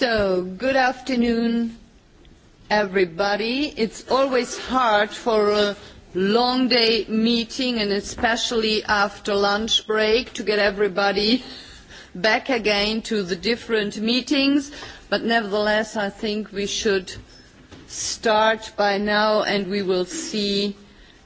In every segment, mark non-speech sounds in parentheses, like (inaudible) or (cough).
So, good afternoon, everybody. It's always hard for a long day meeting and especially after lunch break to get everybody back again to the different meetings. But nevertheless, I think we should start by now and we will see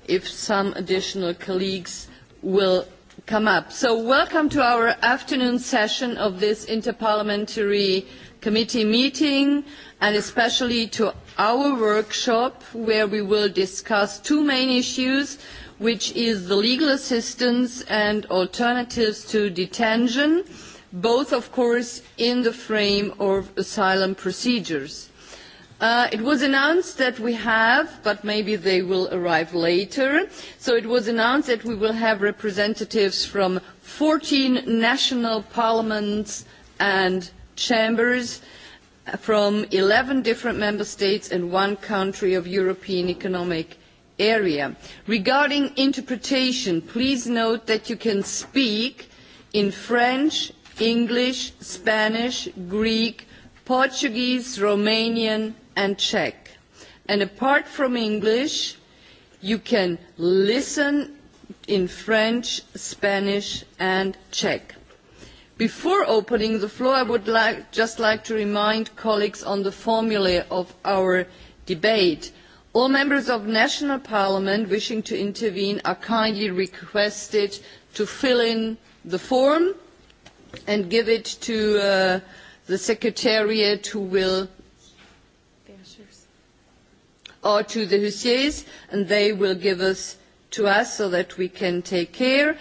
if some additional colleagues will come up. So welcome to our afternoon session of this interparliamentary committee meeting and especially to our workshop where we will discuss two main issues which is the legal assistance and alternatives to detention both of course in the frame of asylum procedures. Uh, it was announced that we have but maybe they will arrive later so it was announced that we will have representatives from 14 national parliaments and chambers from 11 different member states and one country of European economic area. Regarding interpretation, please note that you can speak in French, English, Spanish, Greek, Portuguese, Romanian and Czech. And apart from English, you can listen in French, Spanish and Czech Before opening the floor, I would like, just like to remind colleagues on the formula of our debate. All members of national parliament wishing to intervene are kindly requested to fill in the form and give it to uh, the secretariat who will or to the hussiers and they will give us to us so that we can take care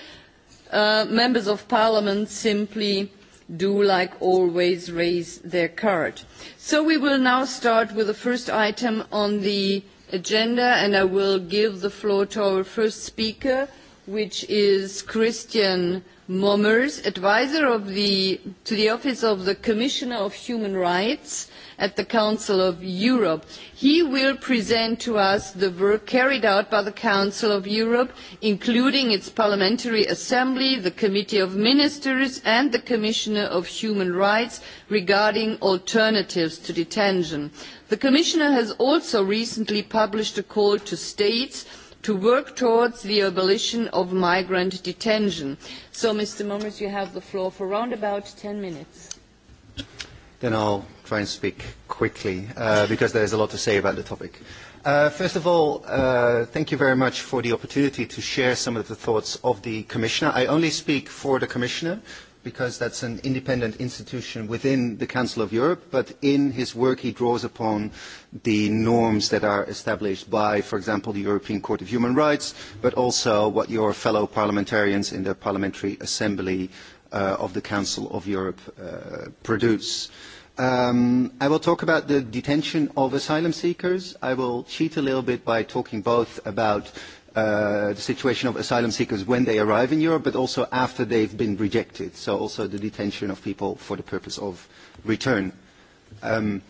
Uh, members of parliament simply do like always raise their card. So we will now start with the first item on the agenda and I will give the floor to our first speaker which is Christian Mommers, advisor of the, to the Office of the Commissioner of Human Rights at the Council of Europe. He will present to us the work carried out by the Council of Europe, including its Parliamentary Assembly, the Committee of Ministers and the Commissioner of Human Rights regarding alternatives to detention. The Commissioner has also recently published a call to states to work towards the abolition of migrant detention. So, Mr. Mummers, you have the floor for around about 10 minutes. Then I'll try and speak quickly, uh, because there is a lot to say about the topic. Uh, first of all, uh, thank you very much for the opportunity to share some of the thoughts of the Commissioner. I only speak for the Commissioner, because that's an independent institution within the Council of Europe, but in his work he draws upon the norms that are established by, for example, the European Court of Human Rights, but also what your fellow parliamentarians in the Parliamentary Assembly uh, of the Council of Europe uh, produce. Um, I will talk about the detention of asylum seekers. I will cheat a little bit by talking both about Uh, the situation of asylum seekers when they arrive in Europe, but also after they've been rejected, so also the detention of people for the purpose of return. Um,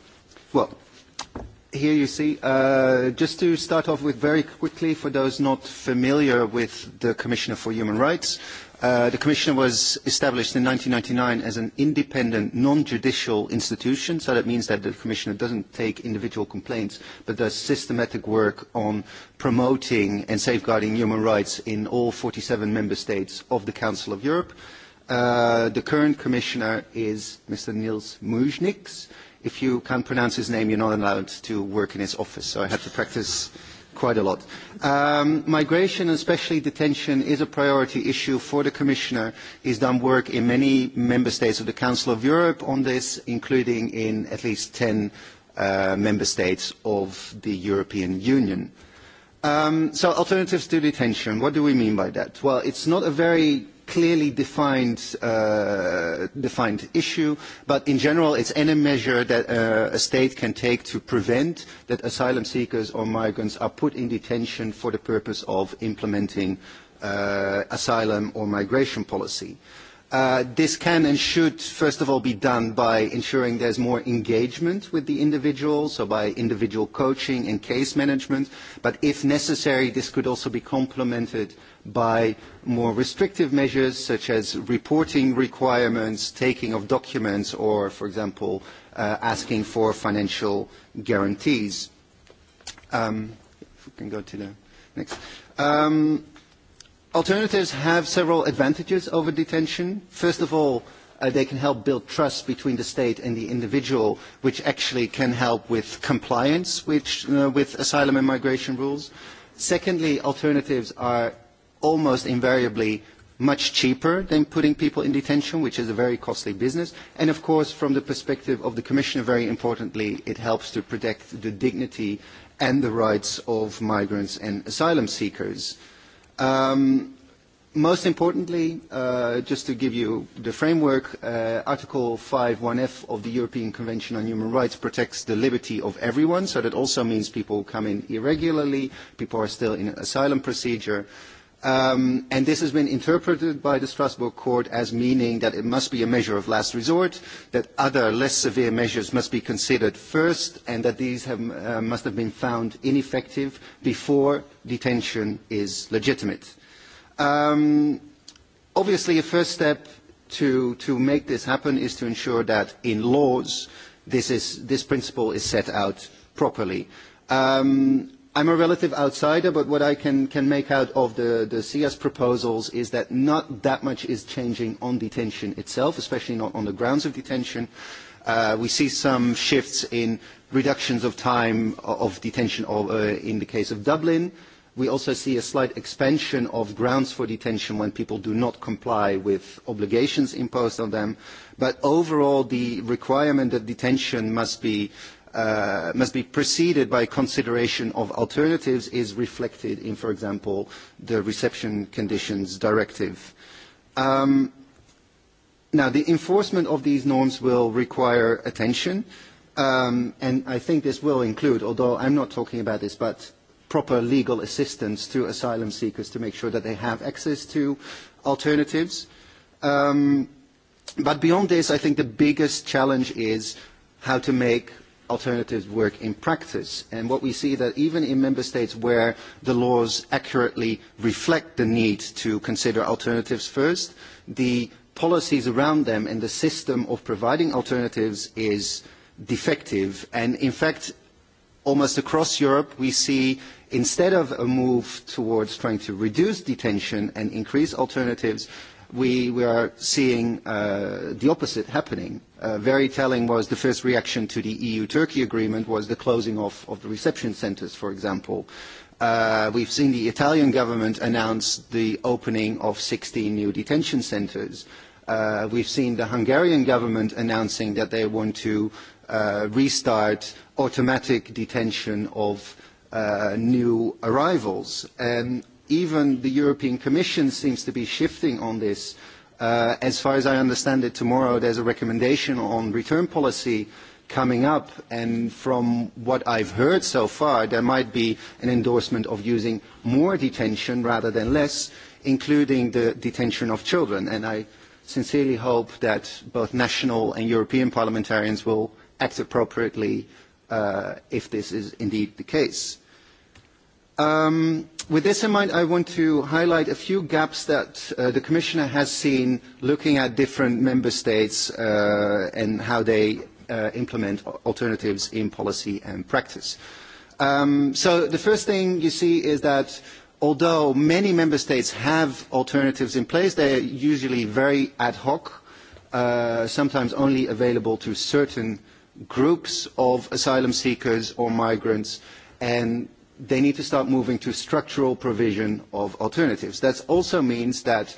well, here you see, uh, just to start off with very quickly, for those not familiar with the Commissioner for Human Rights, Uh, the Commission was established in 1999 as an independent, non-judicial institution, so that means that the Commissioner doesn't take individual complaints, but does systematic work on promoting and safeguarding human rights in all 47 member states of the Council of Europe. Uh, the current Commissioner is Mr. Niels Mujniks. If you can't pronounce his name, you're not allowed to work in his office, so I have to practice quite a lot. Um, migration, especially detention, is a priority issue for the Commissioner. He's done work in many member states of the Council of Europe on this, including in at least 10 uh, member states of the European Union. Um, so alternatives to detention, what do we mean by that? Well, it's not a very clearly defined, uh, defined issue, but in general it's any measure that uh, a state can take to prevent that asylum seekers or migrants are put in detention for the purpose of implementing uh, asylum or migration policy. Uh, this can and should, first of all, be done by ensuring there's more engagement with the individual, so by individual coaching and case management. But if necessary, this could also be complemented by more restrictive measures, such as reporting requirements, taking of documents, or, for example, uh, asking for financial guarantees. Um, can go to the next. Um, alternatives have several advantages over detention. First of all, uh, they can help build trust between the state and the individual, which actually can help with compliance which, uh, with asylum and migration rules. Secondly, alternatives are almost invariably much cheaper than putting people in detention, which is a very costly business. And of course, from the perspective of the Commissioner, very importantly, it helps to protect the dignity and the rights of migrants and asylum seekers. Um, most importantly, uh, just to give you the framework, uh, Article 5.1f of the European Convention on Human Rights protects the liberty of everyone, so that also means people come in irregularly, people are still in asylum procedure, Um, and this has been interpreted by the Strasbourg court as meaning that it must be a measure of last resort, that other less severe measures must be considered first, and that these uh, must have been found ineffective before detention is legitimate. Um, obviously, a first step to, to make this happen is to ensure that in laws this, is, this principle is set out properly. Um, I'm a relative outsider, but what I can, can make out of the, the CS proposals is that not that much is changing on detention itself, especially not on the grounds of detention. Uh, we see some shifts in reductions of time uh, of detention uh, in the case of Dublin. We also see a slight expansion of grounds for detention when people do not comply with obligations imposed on them. But overall, the requirement that detention must be Uh, must be preceded by consideration of alternatives is reflected in, for example, the reception conditions directive. Um, now, the enforcement of these norms will require attention, um, and I think this will include, although I'm not talking about this, but proper legal assistance to asylum seekers to make sure that they have access to alternatives. Um, but beyond this, I think the biggest challenge is how to make alternatives work in practice. And what we see that even in member states where the laws accurately reflect the need to consider alternatives first, the policies around them and the system of providing alternatives is defective. And in fact, almost across Europe, we see instead of a move towards trying to reduce detention and increase alternatives, we were seeing uh, the opposite happening. Uh, very telling was the first reaction to the EU-Turkey agreement was the closing off of the reception centres, for example. Uh, we've seen the Italian government announce the opening of 16 new detention centres. Uh, we've seen the Hungarian government announcing that they want to uh, restart automatic detention of uh, new arrivals. And even the European Commission seems to be shifting on this. Uh, as far as I understand it, tomorrow there's a recommendation on return policy coming up, and from what I've heard so far, there might be an endorsement of using more detention rather than less, including the detention of children. And I sincerely hope that both national and European parliamentarians will act appropriately uh, if this is indeed the case. Um, With this in mind, I want to highlight a few gaps that uh, the Commissioner has seen looking at different member states uh, and how they uh, implement alternatives in policy and practice. Um, so the first thing you see is that although many member states have alternatives in place, they are usually very ad hoc, sometimes only available to certain groups of asylum seekers or migrants, and they need to start moving to structural provision of alternatives. That also means that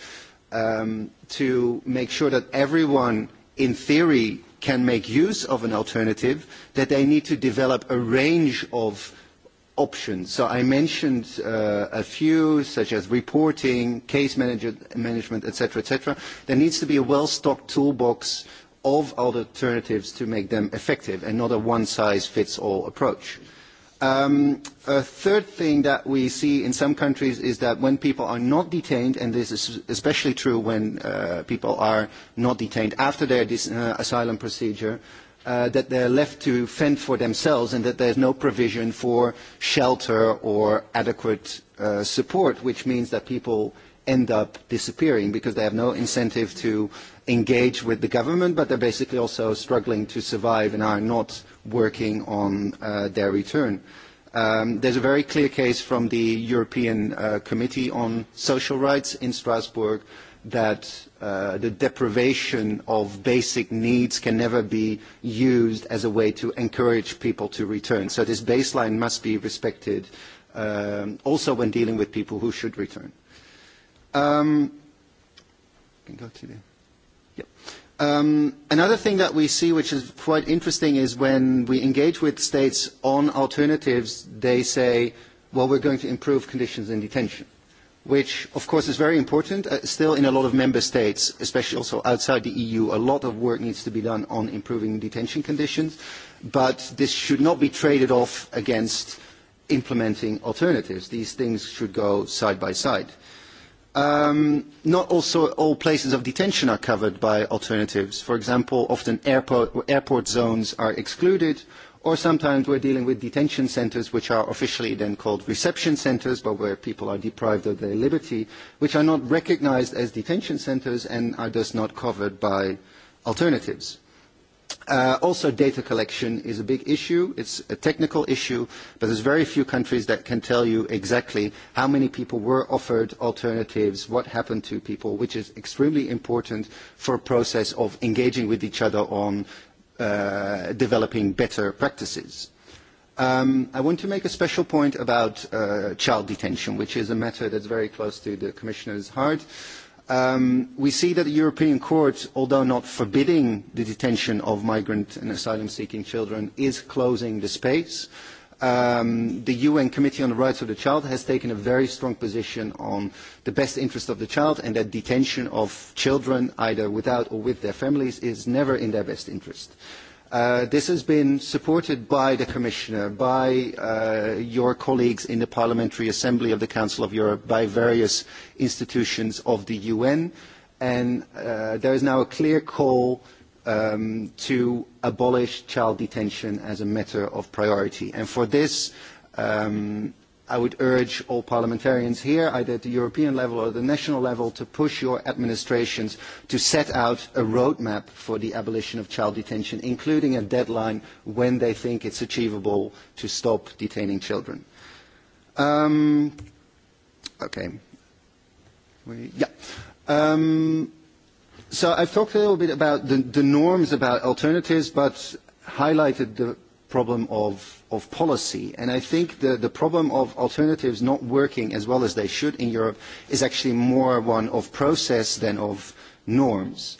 um, to make sure that everyone, in theory, can make use of an alternative, that they need to develop a range of options. So I mentioned uh, a few, such as reporting, case manager, management, etc., etc. There needs to be a well-stocked toolbox of alternatives to make them effective and not a one-size-fits-all approach. Um, a third thing that we see in some countries is that when people are not detained, and this is especially true when uh, people are not detained after their uh, asylum procedure, uh, that are left to fend for themselves and that there's no provision for shelter or adequate uh, support, which means that people end up disappearing because they have no incentive to engage with the government, but they're basically also struggling to survive and are not working on uh, their return. There um, there's a very clear case from the European uh, Committee on Social Rights in Strasbourg that uh, the deprivation of basic needs can never be used as a way to encourage people to return. So this baseline must be respected um, also when dealing with people who should return. Um, can go to the, Um, another thing that we see, which is quite interesting, is when we engage with states on alternatives, they say, well, we're going to improve conditions in detention, which, of course, is very important. Uh, still, in a lot of member states, especially also outside the EU, a lot of work needs to be done on improving detention conditions, but this should not be traded off against implementing alternatives. These things should go side by side. Um, not also all places of detention are covered by alternatives. For example, often airport, airport zones are excluded, or sometimes we are dealing with detention centres, which are officially then called reception centres, but where people are deprived of their liberty, which are not recognised as detention centres and are thus not covered by alternatives. Uh, also, data collection is a big issue. It's a technical issue, but there's very few countries that can tell you exactly how many people were offered alternatives, what happened to people, which is extremely important for a process of engaging with each other on uh, developing better practices. Um, I want to make a special point about uh, child detention, which is a matter that's very close to the Commissioner's heart. Um, we see that the European Court, although not forbidding the detention of migrant and asylum seeking children, is closing the space. Um, the UN Committee on the Rights of the Child has taken a very strong position on the best interest of the child and that detention of children, either without or with their families, is never in their best interest. Uh, this has been supported by the Commissioner, by uh, your colleagues in the Parliamentary Assembly of the Council of Europe, by various institutions of the UN, and uh, there is now a clear call um, to abolish child detention as a matter of priority. And for this, um, i would urge all parliamentarians here, either at the European level or the national level, to push your administrations to set out a roadmap for the abolition of child detention, including a deadline when they think it's achievable to stop detaining children. Um, okay. Um, so I've talked a little bit about the norms, about alternatives, but highlighted the problem of, of policy. And I think the, the problem of alternatives not working as well as they should in Europe is actually more one of process than of norms.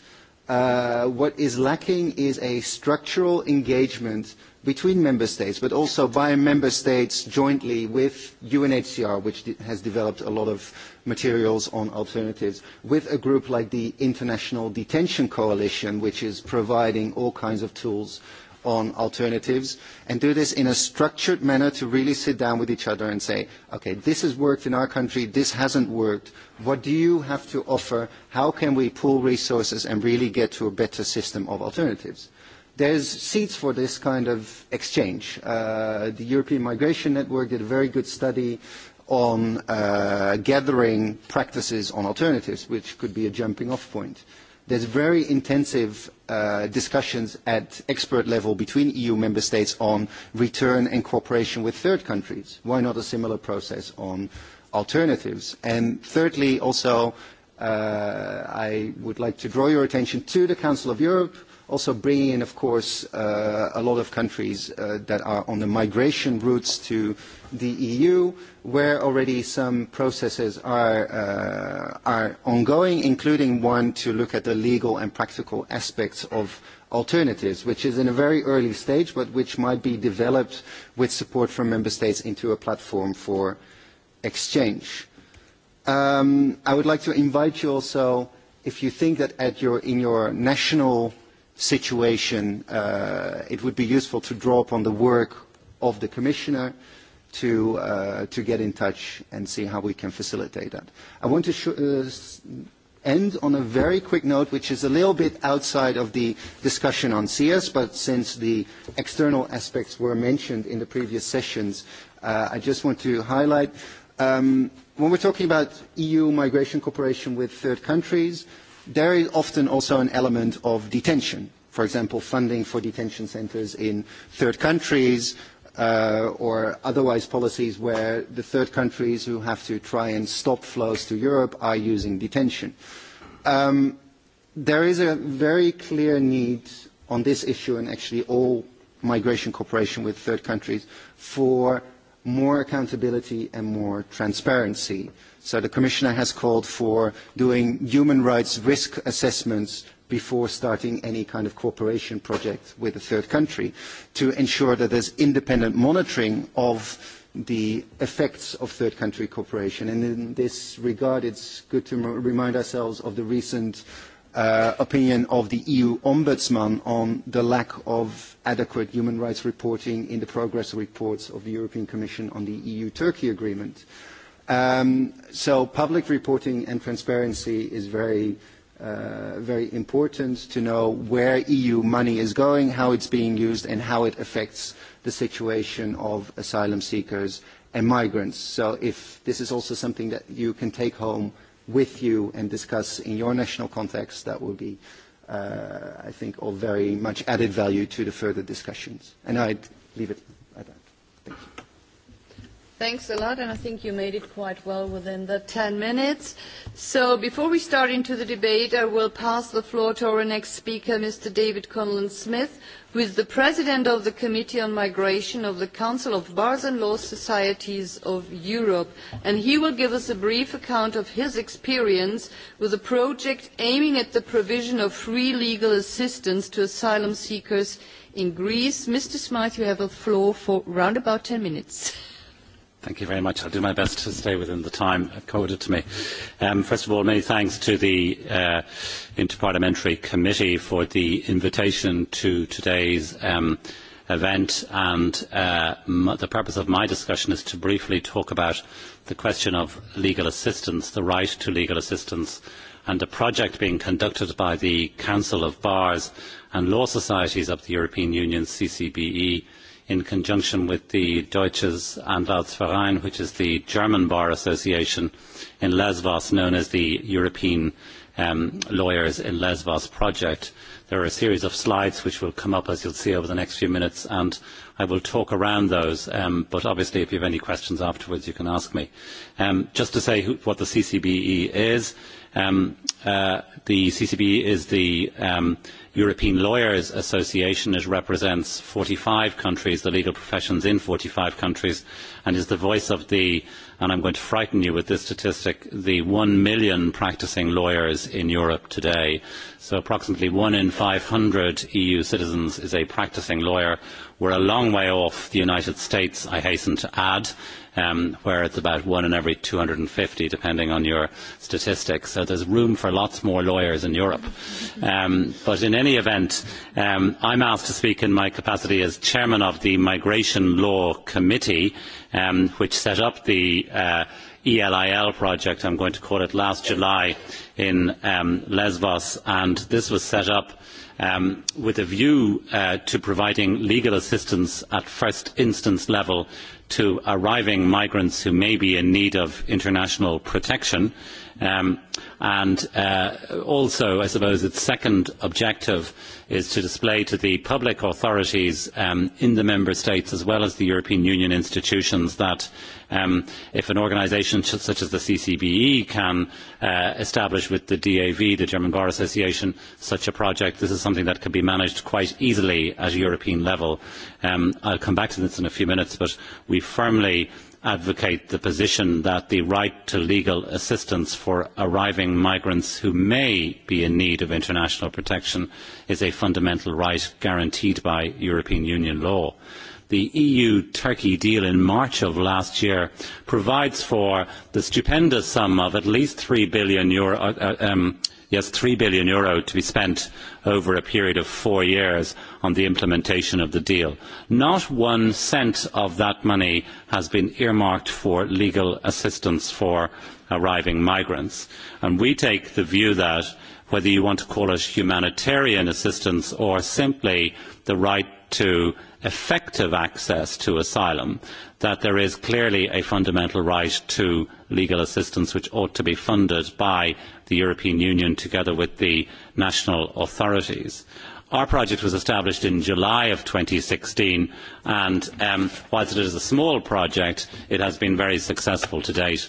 Uh, what is lacking is a structural engagement between member states, but also by member states jointly with UNHCR, which has developed a lot of materials on alternatives, with a group like the International Detention Coalition, which is providing all kinds of tools on alternatives and do this in a structured manner to really sit down with each other and say, okay, this has worked in our country, this hasn't worked. What do you have to offer? How can we pool resources and really get to a better system of alternatives? There's seats for this kind of exchange. Uh, the European Migration Network did a very good study on uh, gathering practices on alternatives, which could be a jumping off point. There's very intensive uh, discussions at expert level between EU member states on return and cooperation with third countries. Why not a similar process on alternatives? And thirdly, also, uh, I would like to draw your attention to the Council of Europe, also bringing in, of course, uh, a lot of countries uh, that are on the migration routes to the EU, where already some processes are, uh, are ongoing, including one to look at the legal and practical aspects of alternatives, which is in a very early stage, but which might be developed with support from member states into a platform for exchange. Um, I would like to invite you also, if you think that at your, in your national situation, uh, it would be useful to draw upon the work of the Commissioner to, uh, to get in touch and see how we can facilitate that. I want to sh uh, end on a very quick note, which is a little bit outside of the discussion on CS, but since the external aspects were mentioned in the previous sessions, I just want to highlight. when um, when we're talking about EU migration cooperation with third countries, there is often also an element of detention. For example, funding for detention centers in third countries uh, or otherwise policies where the third countries who have to try and stop flows to Europe are using detention. Um, there is a very clear need on this issue and actually all migration cooperation with third countries for more accountability and more transparency. So the Commissioner has called for doing human rights risk assessments before starting any kind of cooperation project with a third country to ensure that there's independent monitoring of the effects of third country cooperation. And in this regard, it's good to remind ourselves of the recent uh, opinion of the EU Ombudsman on the lack of adequate human rights reporting in the progress reports of the European Commission on the EU-Turkey agreement. Um, so public reporting and transparency is very uh, very important to know where EU money is going, how it's being used, and how it affects the situation of asylum seekers and migrants. So if this is also something that you can take home with you and discuss in your national context, that will be, uh, I think, all very much added value to the further discussions. And I'd leave it. Thanks a lot, and I think you made it quite well within the 10 minutes. So before we start into the debate, I will pass the floor to our next speaker, Mr. David Conlon-Smith, who is the President of the Committee on Migration of the Council of Bars and Law Societies of Europe, and he will give us a brief account of his experience with a project aiming at the provision of free legal assistance to asylum seekers in Greece. Mr. Smith, you have the floor for round about 10 minutes. (laughs) Thank you very much. I'll do my best to stay within the time accorded to me. Um, first of all, many thanks to the uh, Interparliamentary Committee for the invitation to today's um, event and uh, the purpose of my discussion is to briefly talk about the question of legal assistance, the right to legal assistance and a project being conducted by the Council of Bars and Law Societies of the European Union, CCBE, in conjunction with the Deutsches Anwaltsverein, which is the German Bar Association in Lesbos, known as the European um, Lawyers in Lesbos Project. There are a series of slides which will come up, as you'll see, over the next few minutes, and I will talk around those, um, but obviously if you have any questions afterwards, you can ask me. Um, just to say what the CCBE uh, e is, the CCBE is the European Lawyers Association. It represents 45 countries, the legal professions in 45 countries, and is the voice of the and I'm going to frighten you with this statistic, the one million practicing lawyers in Europe today. So approximately one in 500 EU citizens is a practicing lawyer. We're a long way off the United States, I hasten to add, um, where it's about one in every 250, depending on your statistics. So there's room for lots more lawyers in Europe. Um, but in any event, um, I'm asked to speak in my capacity as chairman of the Migration Law Committee Um, which set up the uh, ELIL project, I'm going to call it, last July in um, Lesbos. And this was set up um, with a view uh, to providing legal assistance at first instance level to arriving migrants who may be in need of international protection Um, and uh, also, I suppose, its second objective is to display to the public authorities um, in the member states as well as the European Union institutions that um, if an organisation such as the CCBE can uh, establish with the DAV, the German Bar Association, such a project, this is something that can be managed quite easily at a European level. I will come back to this in a few minutes, but we firmly advocate the position that the right to legal assistance for arriving migrants who may be in need of international protection is a fundamental right guaranteed by European Union law. The EU Turkey deal in March of last year provides for the stupendous sum of at least 3 billion euro, uh, uh, um, yes, 3 billion euro to be spent over a period of four years on the implementation of the deal. Not one cent of that money has been earmarked for legal assistance for arriving migrants. And we take the view that whether you want to call it humanitarian assistance or simply the right to effective access to asylum, that there is clearly a fundamental right to legal assistance which ought to be funded by the European Union together with the national authorities. Our project was established in July of 2016 and um, whilst it is a small project, it has been very successful to date.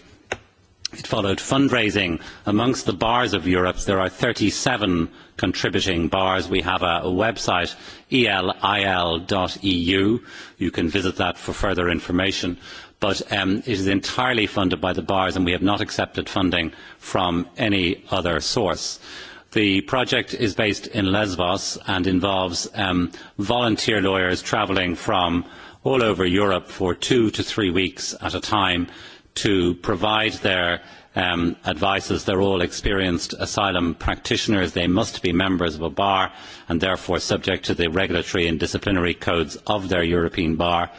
It followed fundraising amongst the bars of Europe. There are 37 contributing bars. We have a, a website, elil.eu. You can visit that for further information but um, it is entirely funded by the bars and we have not accepted funding from any other source. The project is based in Lesbos and involves um, volunteer lawyers travelling from all over Europe for two to three weeks at a time to provide their um, advices. They're all experienced asylum practitioners. They must be members of a bar and therefore subject to the regulatory and disciplinary codes of their European bar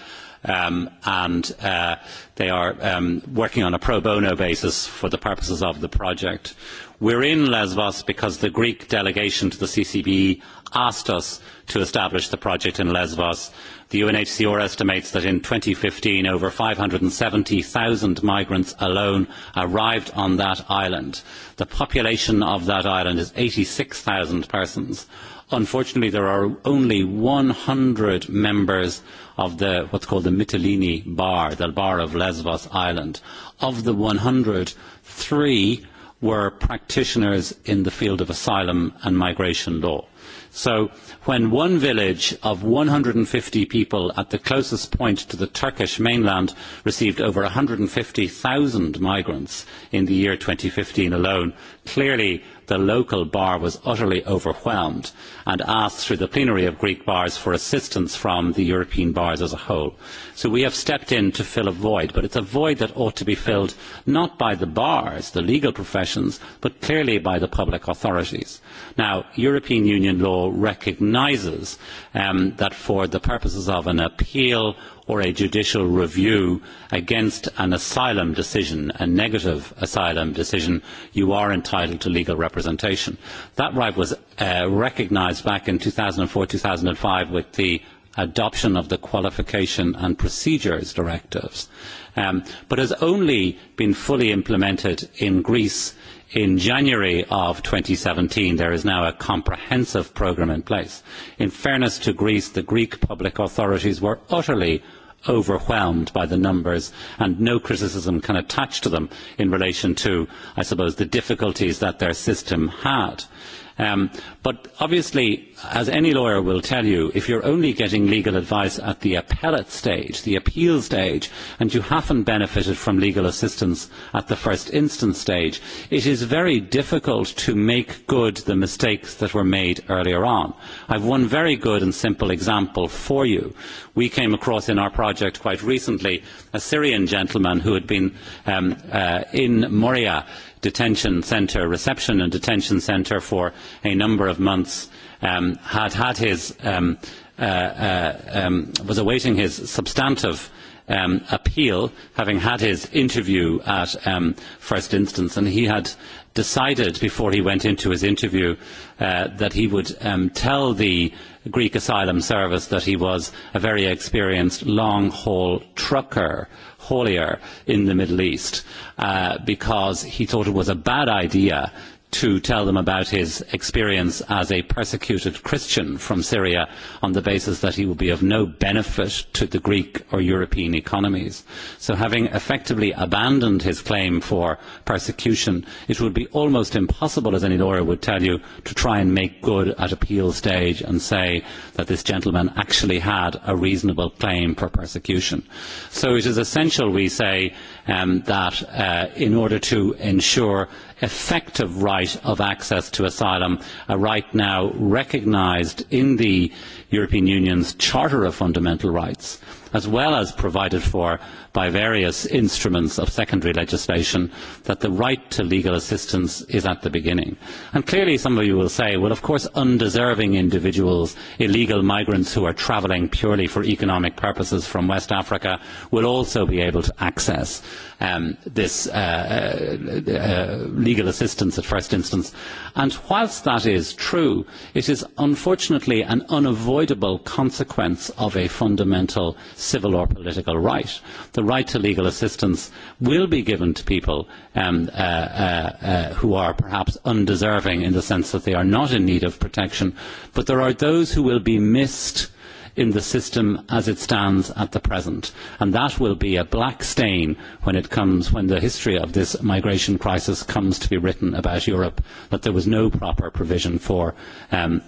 um, and uh, they are um, working on a pro bono basis for the purposes of the project. We're in Lesbos because the Greek delegation to the CCB asked us to establish the project in Lesbos. The UNHCR estimates that in 2015 over 570,000 migrants alone arrived on that island. The population of that island is 86,000 persons. Unfortunately, there are only 100 members of the what's called the Mytilene Bar, the Bar of Lesbos Island. Of the 100, three were practitioners in the field of asylum and migration law. So when one village of 150 people at the closest point to the Turkish mainland received over 150,000 migrants in the year 2015 alone, clearly the local bar was utterly overwhelmed and asked through the plenary of Greek bars for assistance from the European bars as a whole. So we have stepped in to fill a void, but it's a void that ought to be filled not by the bars, the legal professions, but clearly by the public authorities. Now, European Union law recognises um, that for the purposes of an appeal or a judicial review against an asylum decision, a negative asylum decision, you are entitled to legal representation. That right was uh, recognised back in 2004-2005 with the adoption of the Qualification and Procedures Directives, um, but has only been fully implemented in Greece in January of 2017 there is now a comprehensive programme in place in fairness to Greece the Greek public authorities were utterly overwhelmed by the numbers and no criticism can attach to them in relation to, I suppose, the difficulties that their system had. Um, but obviously, as any lawyer will tell you, if you're only getting legal advice at the appellate stage, the appeal stage, and you haven't benefited from legal assistance at the first instance stage, it is very difficult to make good the mistakes that were made earlier on. I have one very good and simple example for you. We came across in our project quite recently a Syrian gentleman who had been um, uh, in Moria detention centre, reception and detention centre for a number of months, um, had had his, um, uh, uh, um, was awaiting his substantive um, appeal, having had his interview at um, first instance, and he had decided before he went into his interview uh, that he would um, tell the Greek asylum service that he was a very experienced long haul trucker haulier in the Middle East uh, because he thought it was a bad idea to tell them about his experience as a persecuted Christian from Syria on the basis that he would be of no benefit to the Greek or European economies. So having effectively abandoned his claim for persecution, it would be almost impossible, as any lawyer would tell you, to try and make good at appeal stage and say that this gentleman actually had a reasonable claim for persecution. So it is essential, we say, Um, that uh, in order to ensure effective right of access to asylum, a right now recognised in the European Union's Charter of Fundamental Rights, as well as provided for by various instruments of secondary legislation that the right to legal assistance is at the beginning. And clearly some of you will say, well of course undeserving individuals, illegal migrants who are travelling purely for economic purposes from West Africa will also be able to access um, this uh, uh, uh, legal assistance at first instance. And whilst that is true, it is unfortunately an unavoidable consequence of a fundamental civil or political right. The right to legal assistance will be given to people um, uh, uh, uh, who are perhaps undeserving in the sense that they are not in need of protection, but there are those who will be missed in the system as it stands at the present and that will be a black stain when it comes when the history of this migration crisis comes to be written about europe that there was no proper provision for um,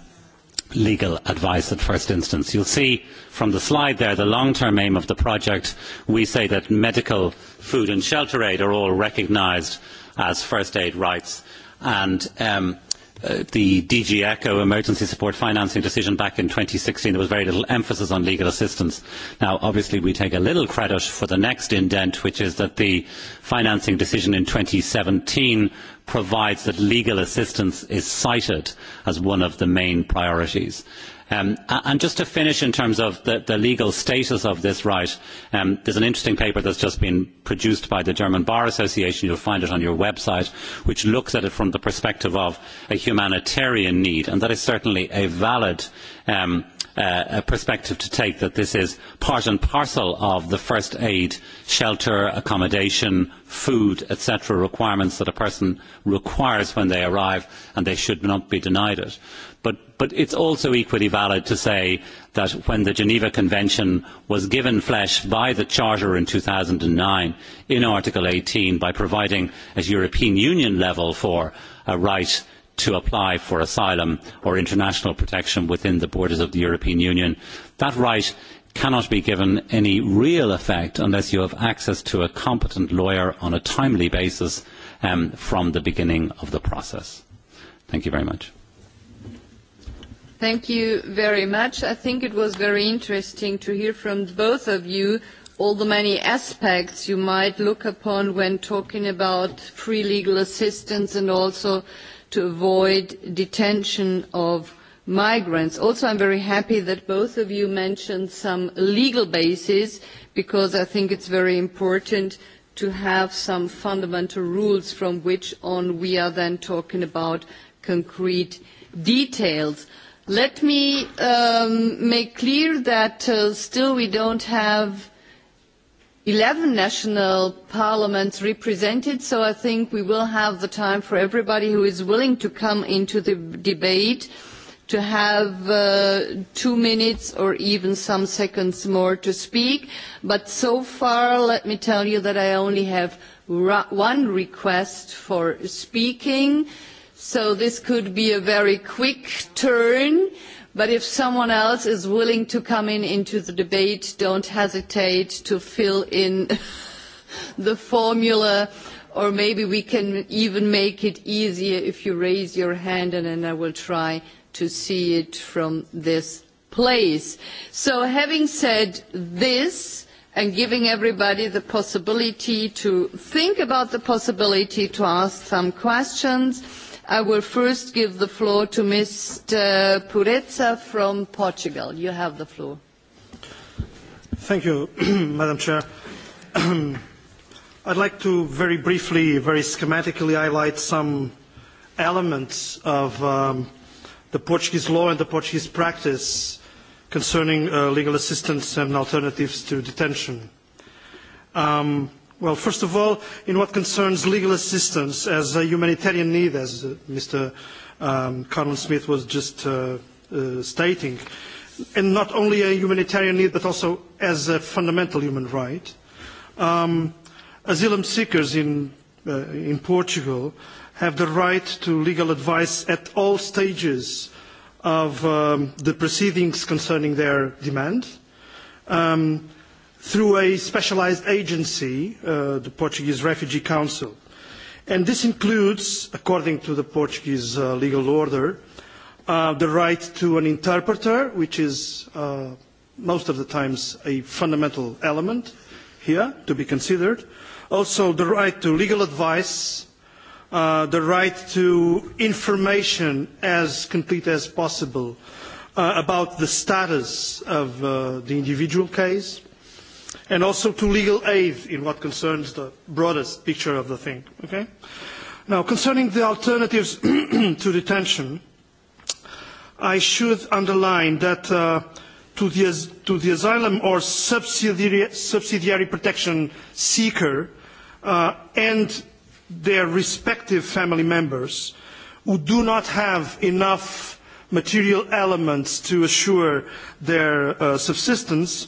legal advice at first instance. You'll see from the slide there the long-term aim of the project. We say that medical, food and shelter aid are all recognised as first aid rights and um, uh, the DG ECHO emergency support financing decision back in 2016 there was very little emphasis on legal assistance. Now obviously we take a little credit for the next indent which is that the financing decision in 2017 provides that legal assistance is cited as one of the main priorities. Um, and just to finish in terms of the, the legal status of this right, um, there's an interesting paper that's just been produced by the German Bar Association, you'll find it on your website, which looks at it from the perspective of a humanitarian need, and that is certainly a valid Um, uh, a perspective to take that this is part and parcel of the first aid, shelter, accommodation, food, etc. requirements that a person requires when they arrive and they should not be denied it. But, but it's also equally valid to say that when the Geneva Convention was given flesh by the Charter in 2009 in Article 18 by providing at European Union level for a right to apply for asylum or international protection within the borders of the European Union. That right cannot be given any real effect unless you have access to a competent lawyer on a timely basis um, from the beginning of the process. Thank you very much. Thank you very much. I think it was very interesting to hear from both of you all the many aspects you might look upon when talking about free legal assistance and also to avoid detention of migrants. Also, I'm very happy that both of you mentioned some legal basis because I think it's very important to have some fundamental rules from which on we are then talking about concrete details. Let me um, make clear that uh, still we don't have 11 national parliaments represented so i think we will have the time for everybody who is willing to come into the debate to have uh, two minutes or even some seconds more to speak but so far let me tell you that i only have one request for speaking so this could be a very quick turn But if someone else is willing to come in into the debate, don't hesitate to fill in (laughs) the formula or maybe we can even make it easier if you raise your hand and then I will try to see it from this place. So having said this and giving everybody the possibility to think about the possibility to ask some questions, i will first give the floor to Mr. Pureza from Portugal. You have the floor. Thank you, (clears throat) Madam Chair. (clears throat) I'd like to very briefly, very schematically highlight some elements of um, the Portuguese law and the Portuguese practice concerning uh, legal assistance and alternatives to detention. Um, Well, first of all, in what concerns legal assistance as a humanitarian need, as Mr. Um, Carmen Smith was just uh, uh, stating, and not only a humanitarian need, but also as a fundamental human right. Um, asylum seekers in, uh, in Portugal have the right to legal advice at all stages of um, the proceedings concerning their demand. Um, through a specialised agency, uh, the Portuguese Refugee Council. And this includes, according to the Portuguese uh, legal order, uh, the right to an interpreter, which is most of the times a fundamental element here to be considered. Also the right to legal advice, the right to information as complete as possible about the status of the individual case and also to legal aid in what concerns the broadest picture of the thing. Okay? Now, concerning the alternatives (clears throat) to detention, I should underline that uh, to, the, to the asylum or subsidiary, subsidiary protection seeker uh, and their respective family members who do not have enough material elements to assure their uh, subsistence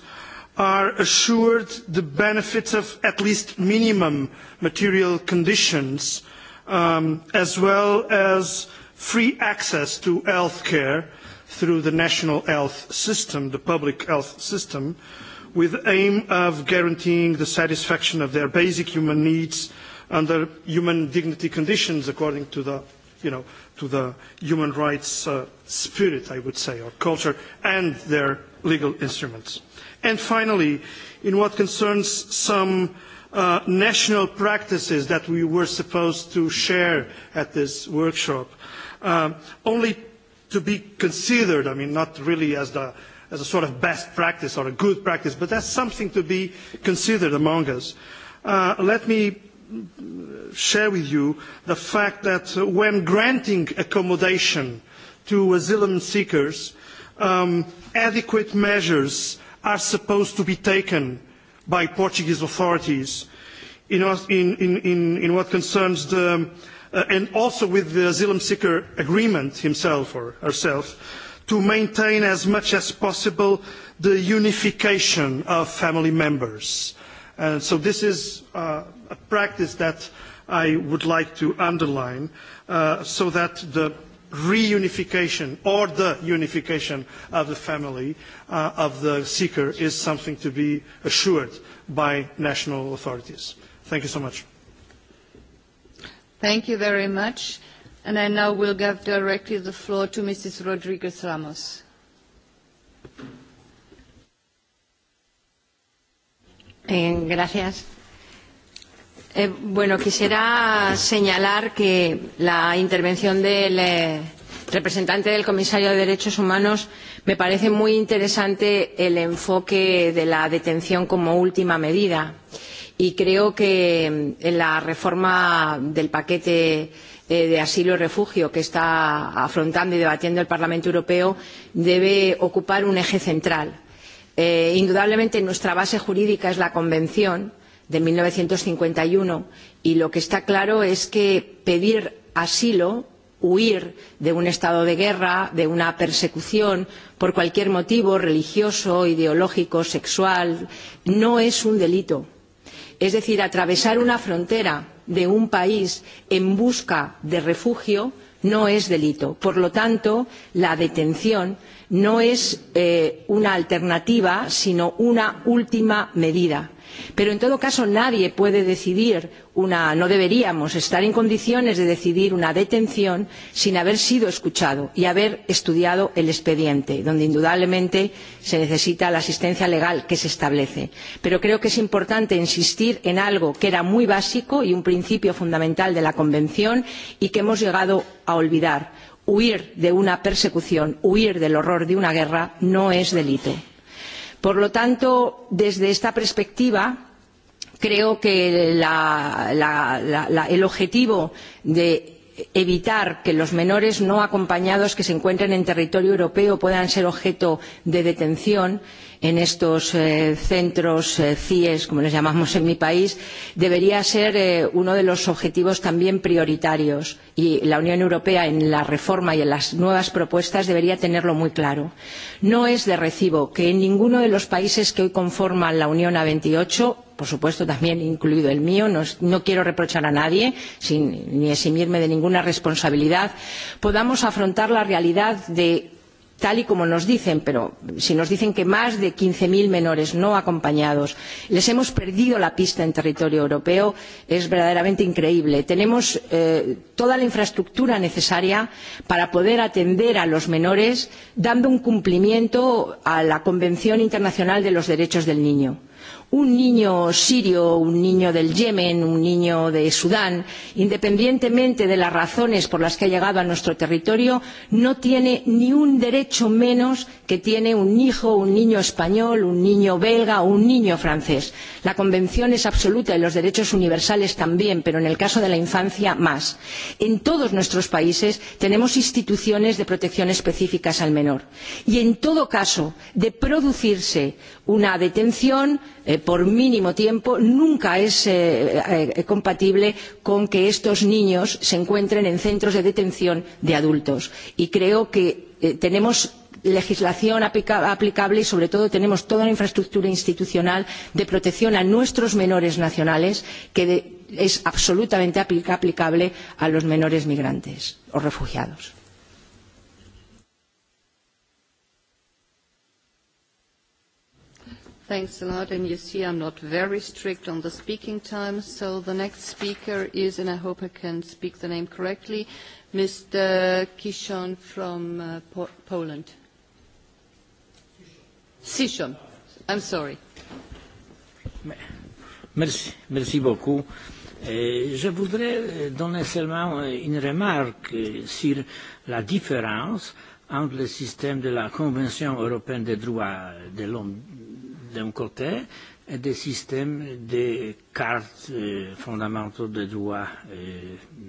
are assured the benefits of at least minimum material conditions um, as well as free access to health care through the national health system, the public health system, with the aim of guaranteeing the satisfaction of their basic human needs under human dignity conditions according to the, you know, to the human rights uh, spirit, I would say, or culture, and their legal instruments. And finally, in what concerns some uh, national practices that we were supposed to share at this workshop, um, only to be considered, I mean, not really as, the, as a sort of best practice or a good practice, but that's something to be considered among us. Uh, let me share with you the fact that when granting accommodation to asylum seekers, um, adequate measures are supposed to be taken by Portuguese authorities in, in, in, in what concerns the, uh, and also with the asylum seeker agreement himself or herself, to maintain as much as possible the unification of family members. so this is uh, a practice that I would like to underline uh, so that the reunification or the unification of the family uh, of the seeker is something to be assured by national authorities. Thank you so much. Thank you very much. And I now will give directly the floor to Mrs. Rodriguez Ramos. Eh, gracias. Eh, bueno, quisiera señalar que la intervención del eh, representante del comisario de Derechos Humanos me parece muy interesante el enfoque de la detención como última medida y creo que mm, en la reforma del paquete eh, de asilo y refugio que está afrontando y debatiendo el Parlamento Europeo debe ocupar un eje central. Eh, indudablemente nuestra base jurídica es la Convención de 1951 y lo que está claro es que pedir asilo huir de un estado de guerra de una persecución por cualquier motivo religioso ideológico sexual no es un delito es decir atravesar una frontera de un país en busca de refugio no es delito por lo tanto la detención no es eh, una alternativa sino una última medida pero en todo caso nadie puede decidir una no deberíamos estar en condiciones de decidir una detención sin haber sido escuchado y haber estudiado el expediente donde indudablemente se necesita la asistencia legal que se establece pero creo que es importante insistir en algo que era muy básico y un principio fundamental de la convención y que hemos llegado a olvidar huir de una persecución huir del horror de una guerra no es delito por lo tanto desde esta perspectiva creo que el objetivo de evitar que los menores no acompañados que se encuentren en territorio europeo puedan ser objeto de detención en estos eh, centros eh, CIES, como les llamamos en mi país, debería ser eh, uno de los objetivos también prioritarios y la Unión Europea en la reforma y en las nuevas propuestas debería tenerlo muy claro. No es de recibo que en ninguno de los países que hoy conforman la Unión A28 por supuesto también incluido el mío no, quiero reprochar a nadie sin, ni eximirme de ninguna responsabilidad podamos afrontar la realidad de tal y como nos dicen pero si nos dicen que más de quince cero menores no acompañados les hemos perdido la pista en territorio europeo es verdaderamente increíble. tenemos eh, toda la infraestructura necesaria para poder atender a los menores dando un cumplimiento a la convención internacional de los derechos del niño un niño sirio, un niño del Yemen, un niño de Sudán, independientemente de las razones por las que ha llegado a nuestro territorio, no tiene ni un derecho menos que tiene un hijo, un niño español, un niño belga o un niño francés. La Convención es absoluta y los derechos universales también, pero en el caso de la infancia más. En todos nuestros países tenemos instituciones de protección específicas al menor. Y en todo caso, de producirse una detención, eh, por mínimo tiempo nunca es eh, eh, eh, compatible con que estos niños se encuentren en centros de detención de adultos y creo que tenemos legislación aplicable y sobre todo tenemos toda una infraestructura institucional de protección a nuestros menores nacionales que es absolutamente aplicable a los menores migrantes o refugiados. Thanks a lot. And you see I'm not very strict on the speaking time. So the next speaker is, and I hope I can speak the name correctly, Mr. Kishon from uh, Poland. Sishon. I'm sorry. Merci, merci beaucoup. Je voudrais euh, donner seulement euh, une remarque euh, sur la différence entre le système de la Convention européenne des droits de l'homme d'un côté et des systèmes de cartes euh, fondamentaux des droits euh,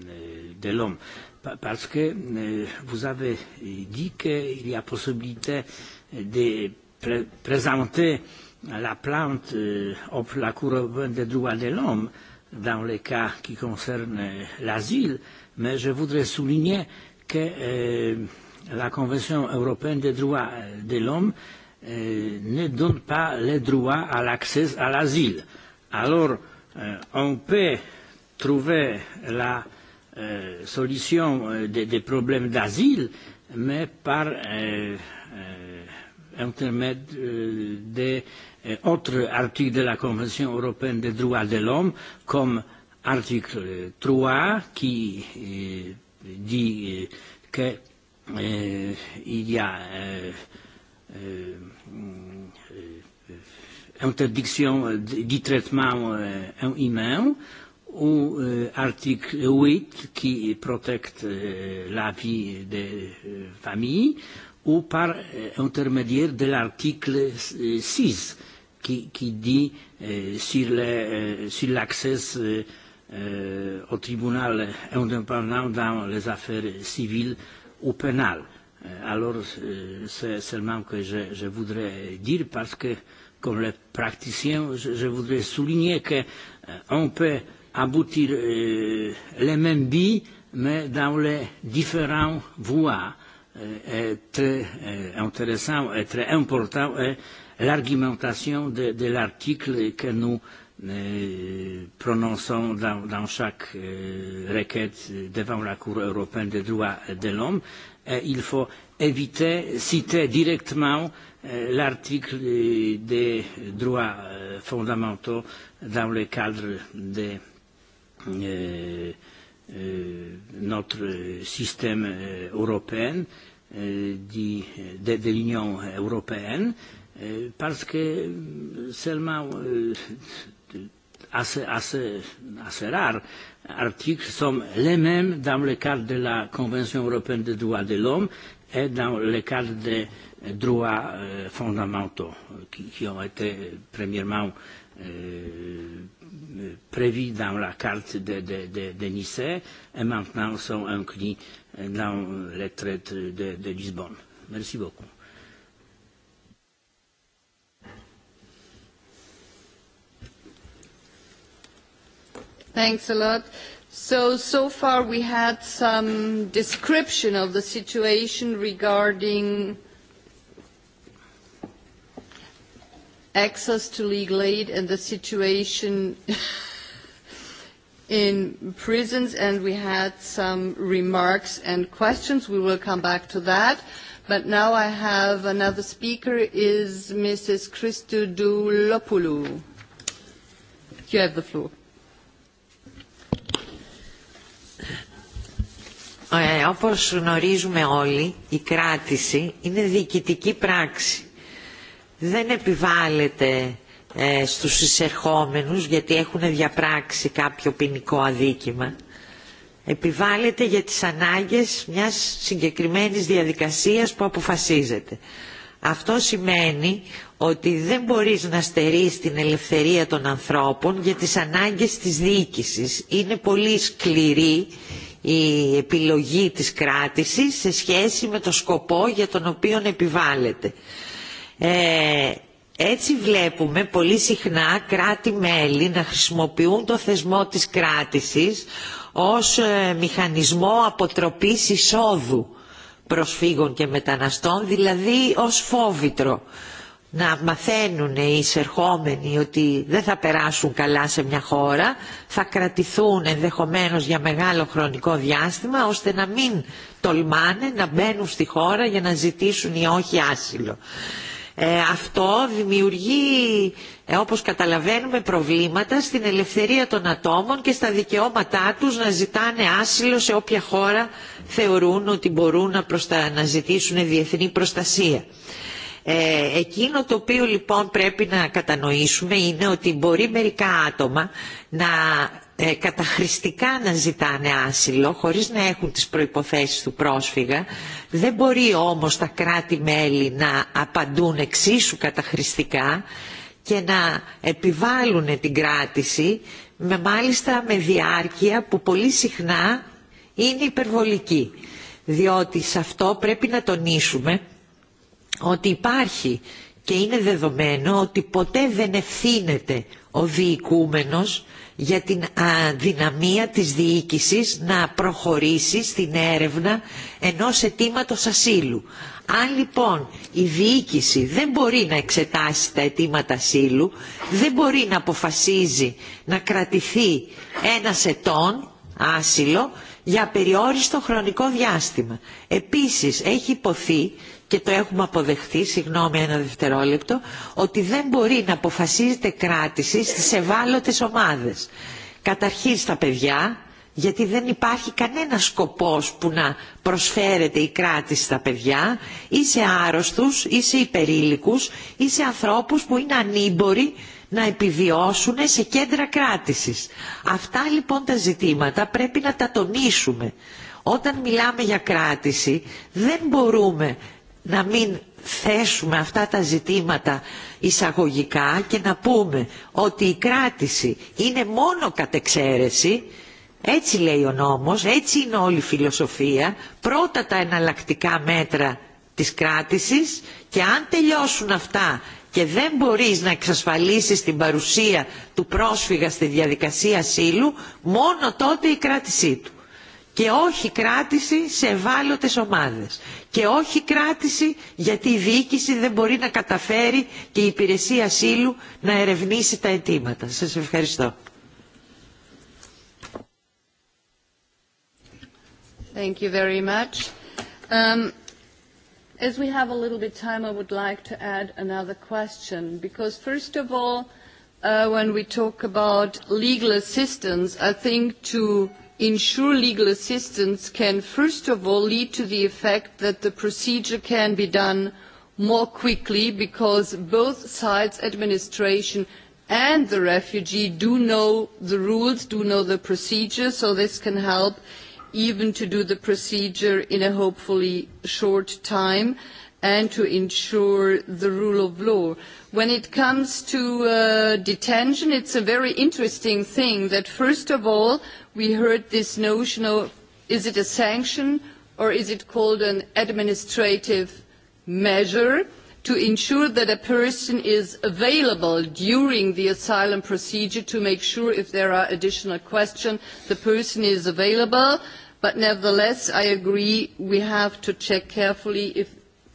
euh de l'homme. Pa-, parce que euh, vous avez dit qu'il y a possibilité de pr présenter la plante euh, la Cour européenne des droits de l'homme dans les cas qui concernent euh, l'asile, mais je voudrais souligner que la Convention européenne des droits de l'homme Euh, ne donne pas les droits à l'accès à l'asile. Alors, euh, on peut trouver la euh, solution euh, des, des problèmes d'asile, mais par euh, intermède des autres articles de la Convention européenne des droits de l'homme, comme article 3, qui dit qu'il y a Euh, euh, euh, interdiction du traitement humain ou article 8 qui protège la vie des familles ou par intermédiaire de l'article 6 qui, qui dit sur l'accès au tribunal indépendant dans les affaires civiles ou pénales Euh, alors, euh, c'est seulement que je, je voudrais dire, parce que, comme les praticiens, je, je voudrais souligner qu'on euh, peut aboutir euh, les mêmes billes, mais dans les différentes voies. est très intéressant et très important est l'argumentation de, de l'article que nous Euh, prononçant dans, dans chaque euh, requête devant la Cour européenne des droits de l'homme. Euh, il faut éviter citer directement l'article des droits fondamentaux dans le cadre de notre système européen, de, de l'Union européenne, parce que seulement assez assez assez rare article sont les mêmes dans le cadre de la Convention européenne des droits de l'homme et dans le cadre des droits euh, fondamentaux qui, qui ont été premièrement euh, prévus dans la carte de, de, de, de et maintenant sont inclus dans les traités de, de Lisbonne. Merci beaucoup. Thanks a lot. So, so far we had some description of the situation regarding access to legal aid and the situation (laughs) in prisons, and we had some remarks and questions. We will come back to that. But now I have another speaker, is Mrs. Christodoulopoulou. You have the floor. ε, όπως γνωρίζουμε όλοι, η κράτηση είναι διοικητική πράξη. Δεν επιβάλλεται ε, στους εισερχόμενους γιατί έχουν διαπράξει κάποιο ποινικό αδίκημα. Επιβάλλεται για τις ανάγκες μιας συγκεκριμένης διαδικασίας που αποφασίζεται. Αυτό σημαίνει ότι δεν μπορείς να στερείς την ελευθερία των ανθρώπων για τις ανάγκες της διοίκησης. Είναι πολύ σκληρή η επιλογή της κράτησης σε σχέση με το σκοπό για τον οποίο επιβάλλεται. Ε, έτσι βλέπουμε πολύ συχνά κράτη-μέλη να χρησιμοποιούν το θεσμό της κράτησης ως ε, μηχανισμό αποτροπής εισόδου προσφύγων και μεταναστών, δηλαδή ως φόβητρο να μαθαίνουν οι εισερχόμενοι ότι δεν θα περάσουν καλά σε μια χώρα, θα κρατηθούν ενδεχομένως για μεγάλο χρονικό διάστημα, ώστε να μην τολμάνε να μπαίνουν στη χώρα για να ζητήσουν ή όχι άσυλο. Ε, αυτό δημιουργεί, ε, όπως καταλαβαίνουμε, προβλήματα στην ελευθερία των ατόμων και στα δικαιώματά τους να ζητάνε άσυλο σε όποια χώρα θεωρούν ότι μπορούν να, προστα... να ζητήσουν διεθνή προστασία. Ε, εκείνο το οποίο λοιπόν πρέπει να κατανοήσουμε είναι ότι μπορεί μερικά άτομα να ε, καταχρηστικά να ζητάνε άσυλο χωρίς να έχουν τις προϋποθέσεις του πρόσφυγα δεν μπορεί όμως τα κράτη-μέλη να απαντούν εξίσου καταχρηστικά και να επιβάλλουν την κράτηση με μάλιστα με διάρκεια που πολύ συχνά είναι υπερβολική διότι σε αυτό πρέπει να τονίσουμε ότι υπάρχει και είναι δεδομένο ότι ποτέ δεν ευθύνεται ο διοικούμενος για την αδυναμία της διοίκησης να προχωρήσει στην έρευνα ενός αιτήματο ασύλου. Αν λοιπόν η διοίκηση δεν μπορεί να εξετάσει τα αιτήματα ασύλου, δεν μπορεί να αποφασίζει να κρατηθεί ένα ετών άσυλο για περιόριστο χρονικό διάστημα. Επίσης έχει υποθεί και το έχουμε αποδεχτεί, συγγνώμη ένα δευτερόλεπτο, ότι δεν μπορεί να αποφασίζεται κράτηση στις ευάλωτες ομάδες. Καταρχήν στα παιδιά, γιατί δεν υπάρχει κανένα σκοπός που να προσφέρεται η κράτηση στα παιδιά ή σε άρρωστους ή σε υπερήλικους ή σε ανθρώπους που είναι ανήμποροι να επιβιώσουν σε κέντρα κράτησης. Αυτά λοιπόν τα ζητήματα πρέπει να τα τονίσουμε. Όταν μιλάμε για κράτηση δεν μπορούμε να μην θέσουμε αυτά τα ζητήματα εισαγωγικά και να πούμε ότι η κράτηση είναι μόνο κατεξαίρεση έτσι λέει ο νόμος, έτσι είναι όλη η φιλοσοφία, πρώτα τα εναλλακτικά μέτρα της κράτησης και αν τελειώσουν αυτά και δεν μπορείς να εξασφαλίσεις την παρουσία του πρόσφυγα στη διαδικασία ασύλου, μόνο τότε η κράτησή του. Και όχι κράτηση σε ευάλωτες ομάδες και όχι κράτηση γιατί η διοίκηση δεν μπορεί να καταφέρει και η υπηρεσία ασύλου να ερευνήσει τα αιτήματα. Σας ευχαριστώ. Thank you very much. Um, as we have a little bit time, I would like to add another question, because first of all, uh, when we talk about legal assistance, I think to ensure legal assistance can first of all lead to the effect that the procedure can be done more quickly because both sides administration and the refugee do know the rules do know the procedure so this can help even to do the procedure in a hopefully short time and to ensure the rule of law. When it comes to uh, detention, it's a very interesting thing that first of all, we heard this notion of, is it a sanction or is it called an administrative measure to ensure that a person is available during the asylum procedure to make sure if there are additional questions, the person is available. But nevertheless, I agree, we have to check carefully if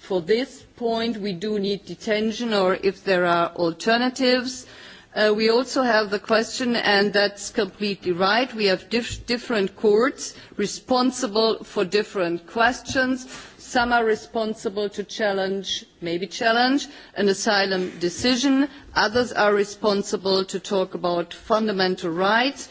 for this point we do need detention or if there are alternatives. Uh, we also have the question and that's completely right we have different courts responsible for different questions some are responsible to challenge maybe challenge an asylum decision others are responsible to talk about fundamental rights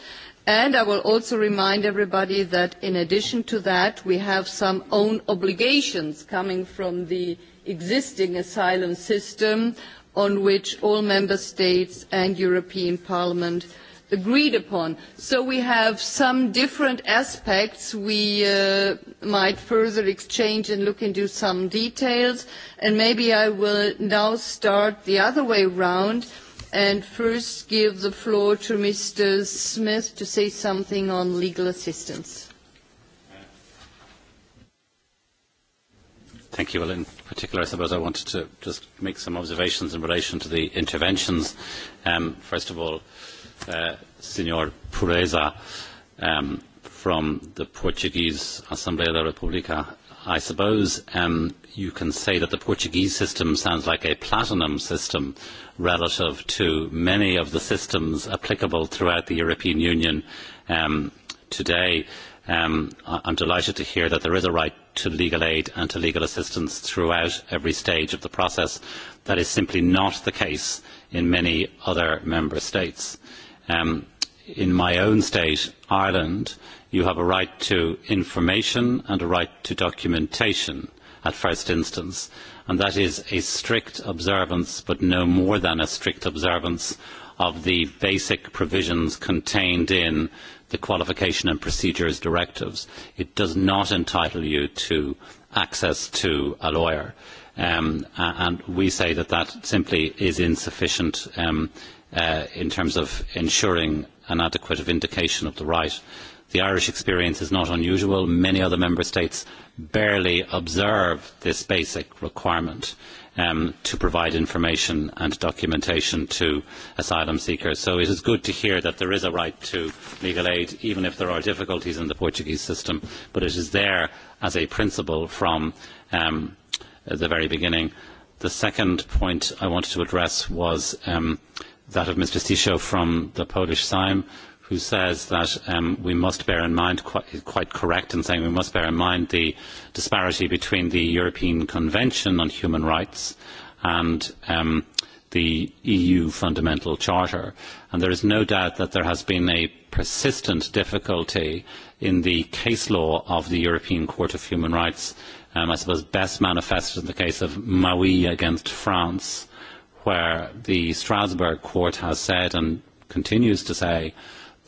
and i will also remind everybody that in addition to that we have some own obligations coming from the existing asylum system on which all member states and european parliament agreed upon so we have some different aspects we uh, might further exchange and look into some details and maybe i will now start the other way round and first give the floor to Mr. Smith to say something on legal assistance. Thank you. Well, in particular, I suppose I wanted to just make some observations in relation to the interventions. Um, first of all, uh, Senor Pureza um, from the Portuguese Assembleia da República, I suppose um, you can say that the Portuguese system sounds like a platinum system relative to many of the systems applicable throughout the European Union um, today. Um, I am delighted to hear that there is a right to legal aid and to legal assistance throughout every stage of the process. That is simply not the case in many other member states. Um, in my own state, Ireland, you have a right to information and a right to documentation at first instance, and that is a strict observance, but no more than a strict observance, of the basic provisions contained in the Qualification and Procedures Directives. It does not entitle you to access to a lawyer, um, and we say that that simply is insufficient um, uh, in terms of ensuring an adequate vindication of the right The Irish experience is not unusual. Many other member states barely observe this basic requirement um, to provide information and documentation to asylum seekers. So it is good to hear that there is a right to legal aid, even if there are difficulties in the Portuguese system, but it is there as a principle from um, the very beginning. The second point I wanted to address was um, that of Mr. Stisho from the Polish Sejm who says that um, we must bear in mind, quite, quite correct in saying we must bear in mind the disparity between the European Convention on Human Rights and um, the EU Fundamental Charter. And there is no doubt that there has been a persistent difficulty in the case law of the European Court of Human Rights, um, I suppose best manifested in the case of Maui against France, where the Strasbourg Court has said and continues to say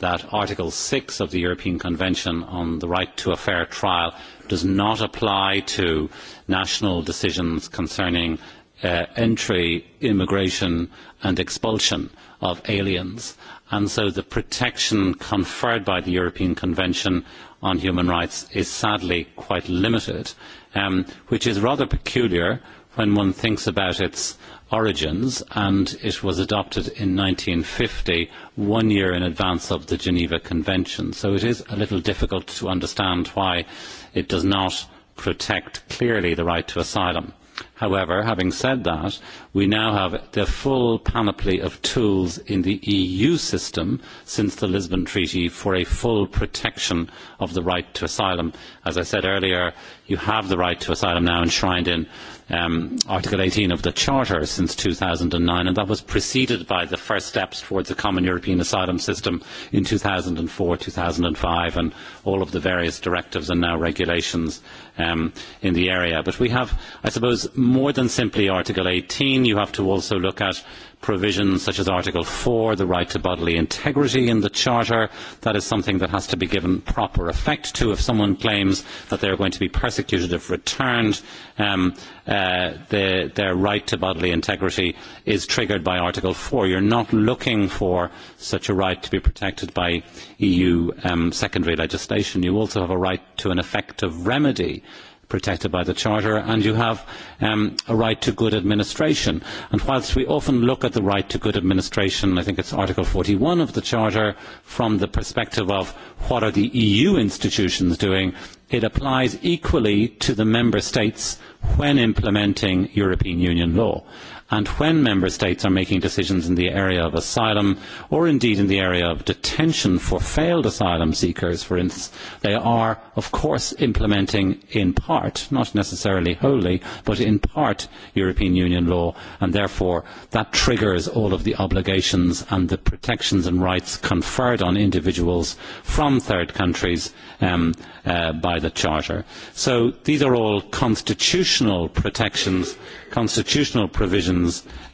that Article 6 of the European Convention on the Right to a Fair Trial does not apply to national decisions concerning uh, entry, immigration and expulsion of aliens. And so the protection conferred by the European Convention on Human Rights is sadly quite limited, um, which is rather peculiar when one thinks about its origins and it was adopted in 1950 one year in advance of the Geneva Convention so it is a little difficult to understand why it does not protect clearly the right to asylum However, having said that, we now have the full panoply of tools in the EU system since the Lisbon Treaty for a full protection of the right to asylum. As I said earlier, you have the right to asylum now enshrined in um, Article 18 of the Charter since 2009, and that was preceded by the first steps towards a common European asylum system in 2004, 2005, and all of the various directives and now regulations um, in the area. But we have, I suppose, more than simply Article 18. You have to also look at provisions such as Article 4, the right to bodily integrity in the Charter. That is something that has to be given proper effect to. If someone claims that they are going to be persecuted if returned, um, uh, their right to bodily integrity is triggered by Article 4. You're not looking for such a right to be protected by EU um, secondary legislation. You also have a right to an effective remedy protected by the Charter, and you have um, a right to good administration. And whilst we often look at the right to good administration, I think it's Article 41 of the Charter, from the perspective of what are the EU institutions doing, it applies equally to the member states when implementing European Union law and when member states are making decisions in the area of asylum or indeed in the area of detention for failed asylum seekers for instance they are of course implementing in part not necessarily wholly but in part european union law and therefore that triggers all of the obligations and the protections and rights conferred on individuals from third countries um, uh, by the charter so these are all constitutional protections constitutional provisions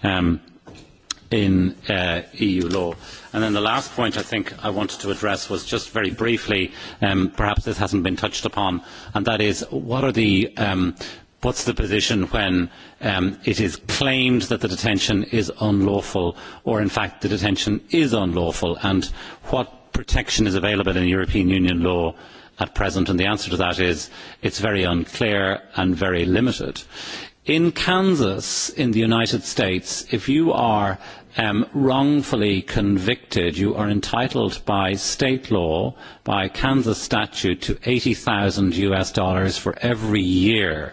Um, in uh, EU law. And then the last point I think I wanted to address was just very briefly, um, perhaps this hasn't been touched upon, and that is what are the um, what's the position when it is claimed that the detention is unlawful or in fact the detention is unlawful and what protection is available in European Union law at present and the answer to that is it's very unclear and very limited in Kansas in the United States if you are um, wrongfully convicted you are entitled by state law by Kansas statute to 80,000 US dollars for every year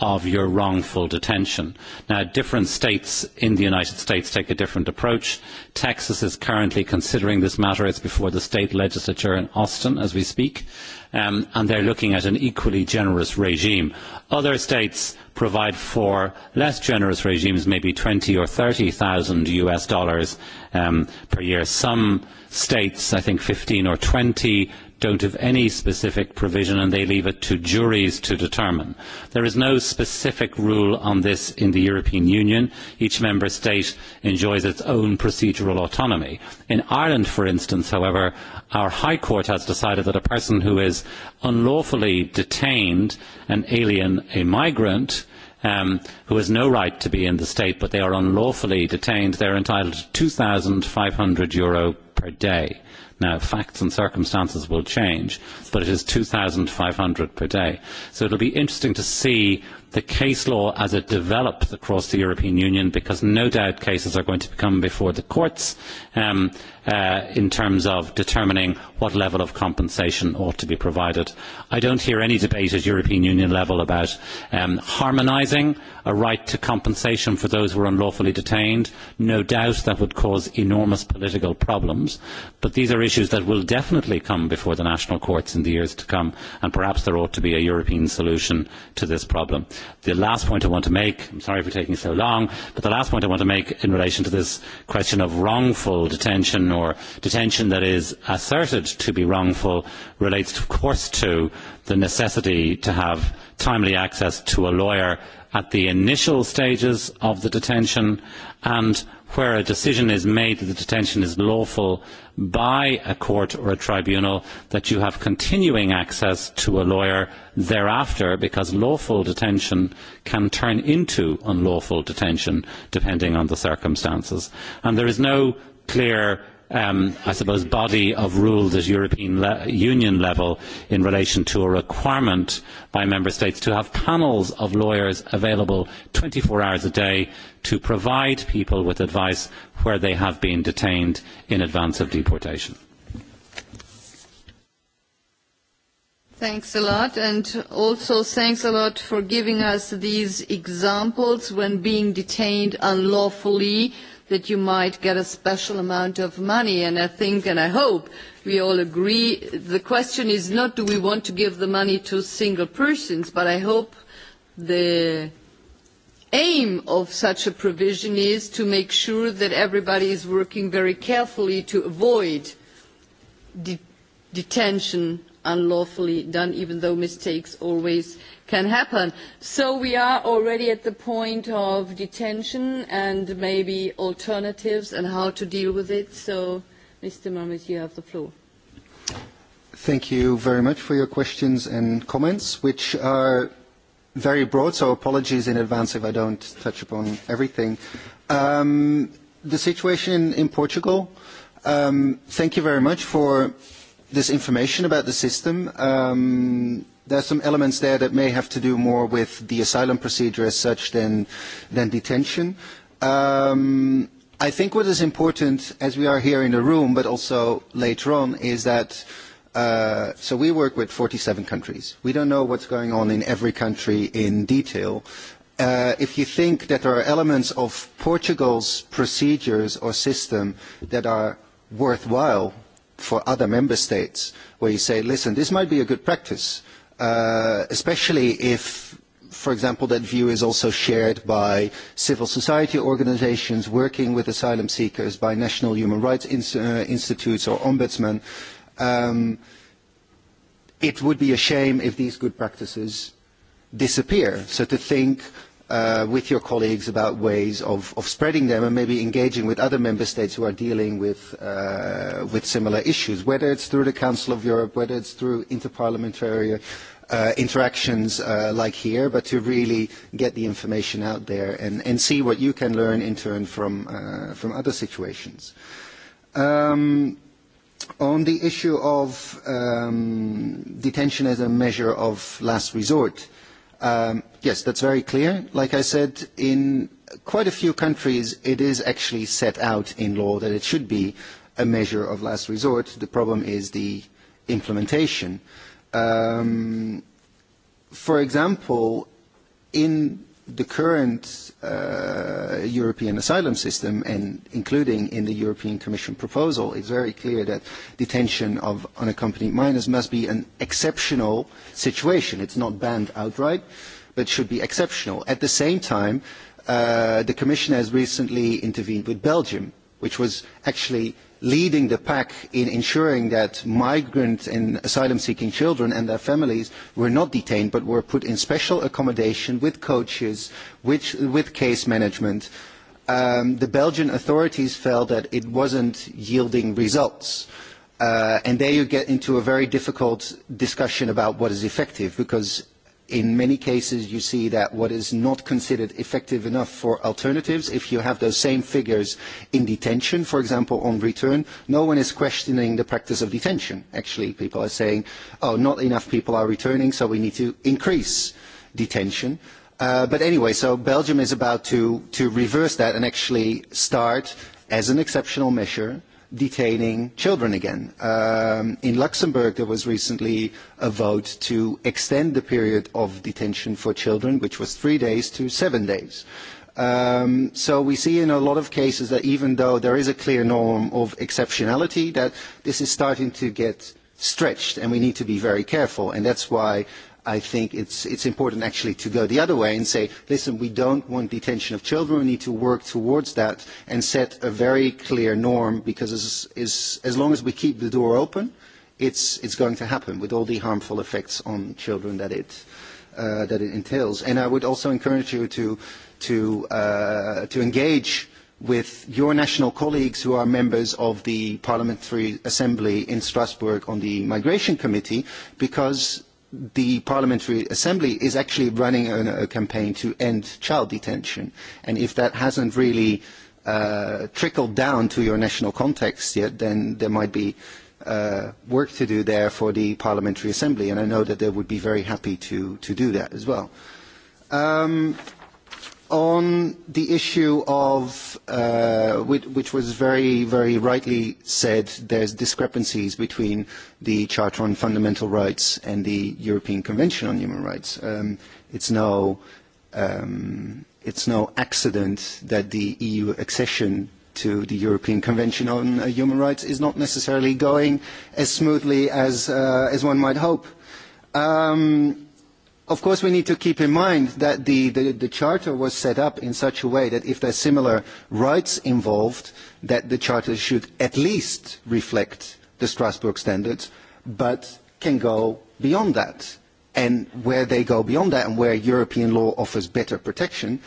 of your wrongful detention. Now, different states in the United States take a different approach. Texas is currently considering this matter. It's before the state legislature in Austin as we speak, um, and they're looking at an equally generous regime. Other states provide for less generous regimes, maybe 20 or 30,000 US dollars um, per year. Some states, I think 15 or 20, don't have any specific provision and they leave it to juries to determine. There is no specific rule on this in the European Union. Each member state enjoys its own procedural autonomy. In Ireland, for instance, however, our High Court has decided that a person who is unlawfully detained, an alien, a migrant, um, who has no right to be in the state, but they are unlawfully detained, they are entitled to €2,500 per day Now, facts and circumstances will change, but it is 2,500 per day. So it'll be interesting to see the case law as it develops across the European Union, because no doubt cases are going to come before the courts. Um, uh, in terms of determining what level of compensation ought to be provided. I don't hear any debate at European Union level about um, harmonising a right to compensation for those who are unlawfully detained. No doubt that would cause enormous political problems, but these are issues that will definitely come before the national courts in the years to come, and perhaps there ought to be a European solution to this problem. The last point I want to make, I'm sorry for taking so long, but the last point I want to make in relation to this question of wrongful detention or detention that is asserted to be wrongful relates of course to the necessity to have timely access to a lawyer at the initial stages of the detention and where a decision is made that the detention is lawful by a court or a tribunal that you have continuing access to a lawyer thereafter because lawful detention can turn into unlawful detention depending on the circumstances and there is no clear um, I suppose, body of rules at European Union level in relation to a requirement by member states to have panels of lawyers available 24 hours a day to provide people with advice where they have been detained in advance of deportation. Thanks a lot, and also thanks a lot for giving us these examples when being detained unlawfully that you might get a special amount of money and i think and i hope we all agree the question is not do we want to give the money to single persons but i hope the aim of such a provision is to make sure that everybody is working very carefully to avoid de detention unlawfully done even though mistakes always can happen. So we are already at the point of detention and maybe alternatives and how to deal with it. So, Mr. Mamet, you have the floor. Thank you very much for your questions and comments, which are very broad, so apologies in advance if I don't touch upon everything. Um, the situation in Portugal, um, thank you very much for this information about the system. Um, There are some elements there that may have to do more with the asylum procedure as such than, than detention. Um, I think what is important, as we are here in the room, but also later on, is that uh, so we work with 47 countries. We don't know what's going on in every country in detail. Uh, if you think that there are elements of Portugal's procedures or system that are worthwhile for other member states, where you say, listen, this might be a good practice – Uh, especially if for example that view is also shared by civil society organizations working with asylum seekers by national human rights uh, institutes or ombudsmen um, it would be a shame if these good practices disappear so to think uh, with your colleagues about ways of, of spreading them and maybe engaging with other member states who are dealing with, uh, with similar issues, whether it's through the Council of Europe, whether it's through interparliamentary uh, interactions uh, like here, but to really get the information out there and, and see what you can learn in turn from, uh, from other situations. Um, on the issue of um, detention as a measure of last resort, Um, yes, that's very clear. Like I said, in quite a few countries, it is actually set out in law that it should be a measure of last resort. The problem is the implementation. Um, for example, in the current uh, European asylum system and including in the European Commission proposal, is very clear that detention of unaccompanied minors must be an exceptional situation. It's not banned outright, but should be exceptional. At the same time, uh, the Commission has recently intervened with Belgium, which was actually leading the pack in ensuring that migrant and asylum seeking children and their families were not detained but were put in special accommodation with coaches with, with case management um, the belgian authorities felt that it wasn't yielding results uh, and there you get into a very difficult discussion about what is effective because in many cases you see that what is not considered effective enough for alternatives if you have those same figures in detention for example on return no one is questioning the practice of detention actually people are saying oh not enough people are returning so we need to increase detention uh, but anyway so belgium is about to to reverse that and actually start as an exceptional measure detaining children again. Um, in Luxembourg, there was recently a vote to extend the period of detention for children, which was three days to seven days. Um, so we see in a lot of cases that even though there is a clear norm of exceptionality, that this is starting to get stretched and we need to be very careful. And that's why i think it's, it's important actually to go the other way and say, listen, we don't want detention of children. We need to work towards that and set a very clear norm because as, as, as long as we keep the door open, it's, it's going to happen with all the harmful effects on children that it, uh, that it entails. And I would also encourage you to, to, uh, to engage with your national colleagues who are members of the Parliamentary Assembly in Strasbourg on the Migration Committee because the Parliamentary Assembly is actually running a, campaign to end child detention. And if that hasn't really uh, trickled down to your national context yet, then there might be uh, work to do there for the Parliamentary Assembly. And I know that they would be very happy to, to do that as well. Um, on the issue of uh, which, which was very very rightly said there's discrepancies between the charter on fundamental rights and the european convention on human rights um, it's no um, it's no accident that the eu accession to the european convention on uh, human rights is not necessarily going as smoothly as uh, as one might hope um, Of course, we need to keep in mind that the, the, the Charter was set up in such a way that if there are similar rights involved, that the Charter should at least reflect the Strasbourg standards, but can go beyond that. And where they go beyond that and where European law offers better protection,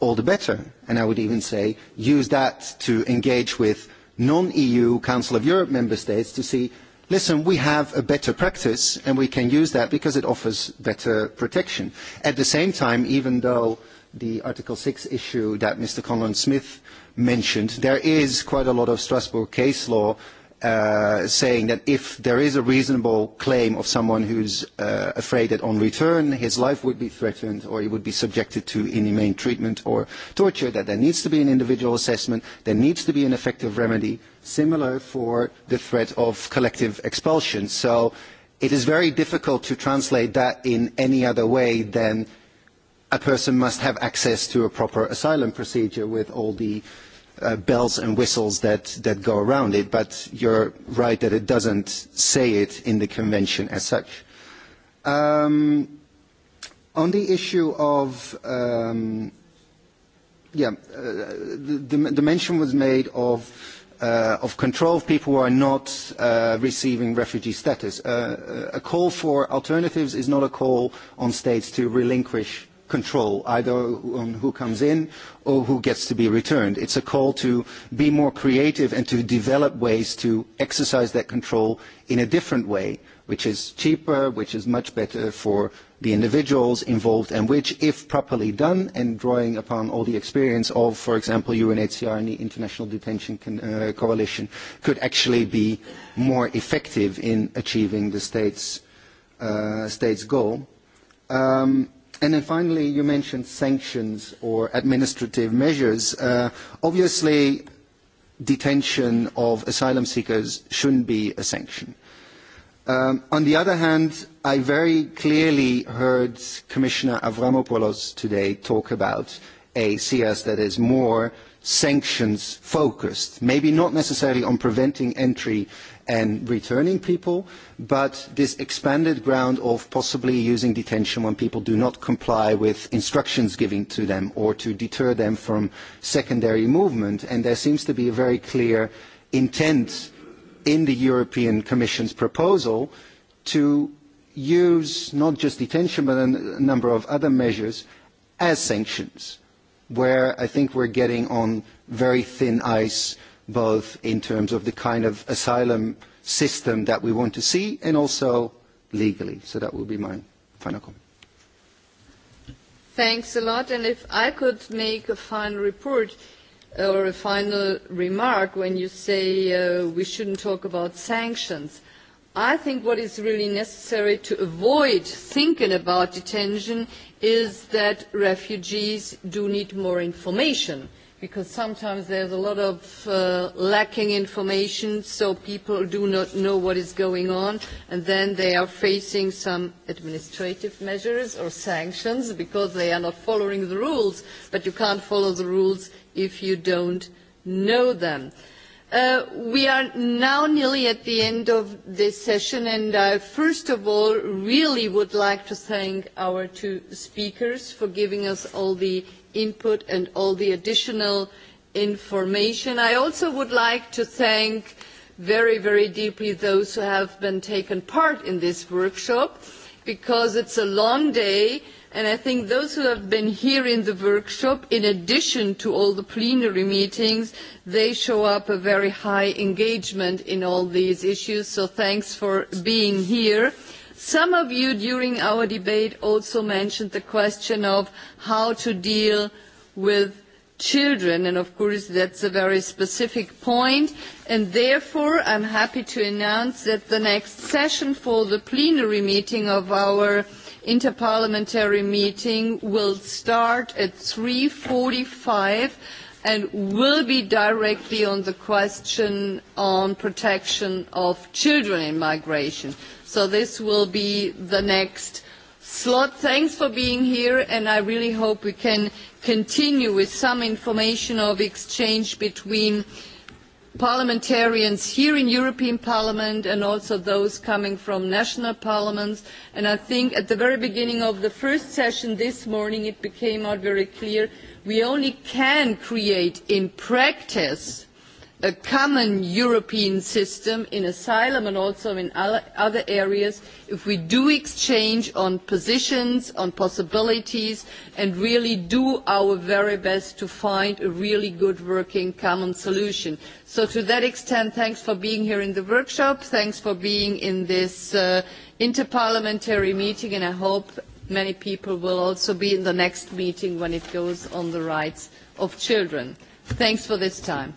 all the better. And I would even say use that to engage with non-EU Council of Europe member states to see listen, we have a better practice and we can use that because it offers better protection. At the same time, even though the Article 6 issue that Mr. Conlon Smith mentioned, there is quite a lot of Strasbourg case law Uh, saying that if there is a reasonable claim of someone who's uh, afraid that on return his life would be threatened or he would be subjected to inhumane treatment or torture, that there needs to be an individual assessment, there needs to be an effective remedy, similar for the threat of collective expulsion. So it is very difficult to translate that in any other way than a person must have access to a proper asylum procedure with all the Uh, bells and whistles that, that go around it, but you're right that it doesn't say it in the convention as such. Um, on the issue of, um, yeah, uh, the, mention was made uh, of, control of people who are not receiving refugee status. a call for alternatives is not a call on states to relinquish control, either on who comes in or who gets to be returned. It's a call to be more creative and to develop ways to exercise that control in a different way, which is cheaper, which is much better for the individuals involved, and which, if properly done and drawing upon all the experience of, for example, UNHCR and the International Detention uh, Coalition, could actually be more effective in achieving the state's, uh, state's goal. Um, And then finally, you mentioned sanctions or administrative measures. Uh, obviously, detention of asylum seekers shouldn't be a sanction. Um, on the other hand, I very clearly heard Commissioner Avramopoulos today talk about a CS that is more sanctions focused, maybe not necessarily on preventing entry and returning people, but this expanded ground of possibly using detention when people do not comply with instructions given to them or to deter them from secondary movement. And there seems to be a very clear intent in the European Commission's proposal to use not just detention but a number of other measures as sanctions, where I think we're getting on very thin ice both in terms of the kind of asylum system that we want to see and also legally. So that will be my final comment. Thanks a lot. And if I could make a final report uh, or a final remark when you say uh, we shouldn't talk about sanctions, I think what is really necessary to avoid thinking about detention is that refugees do need more information because sometimes there's a lot of uh, lacking information, so people do not know what is going on, and then they are facing some administrative measures or sanctions because they are not following the rules, but you can't follow the rules if you don't know them. Uh, we are now nearly at the end of this session and I first of all really would like to thank our two speakers for giving us all the input and all the additional information. I also would like to thank very, very deeply those who have been taken part in this workshop because it's a long day and i think those who have been here in the workshop in addition to all the plenary meetings they show up a very high engagement in all these issues so thanks for being here some of you during our debate also mentioned the question of how to deal with children and of course that's a very specific point and therefore i'm happy to announce that the next session for the plenary meeting of our interparliamentary meeting will start at 3.45 and will be directly on the question on protection of children in migration. So this will be the next slot. Thanks for being here and I really hope we can continue with some information of exchange between parliamentarians here in European Parliament and also those coming from national parliaments. And I think at the very beginning of the first session this morning it became very clear we only can create in practice a common European system in asylum and also in other areas if we do exchange on positions, on possibilities and really do our very best to find a really good working common solution. So to that extent, thanks for being here in the workshop, thanks for being in this uh, interparliamentary meeting and I hope many people will also be in the next meeting when it goes on the rights of children. Thanks for this time.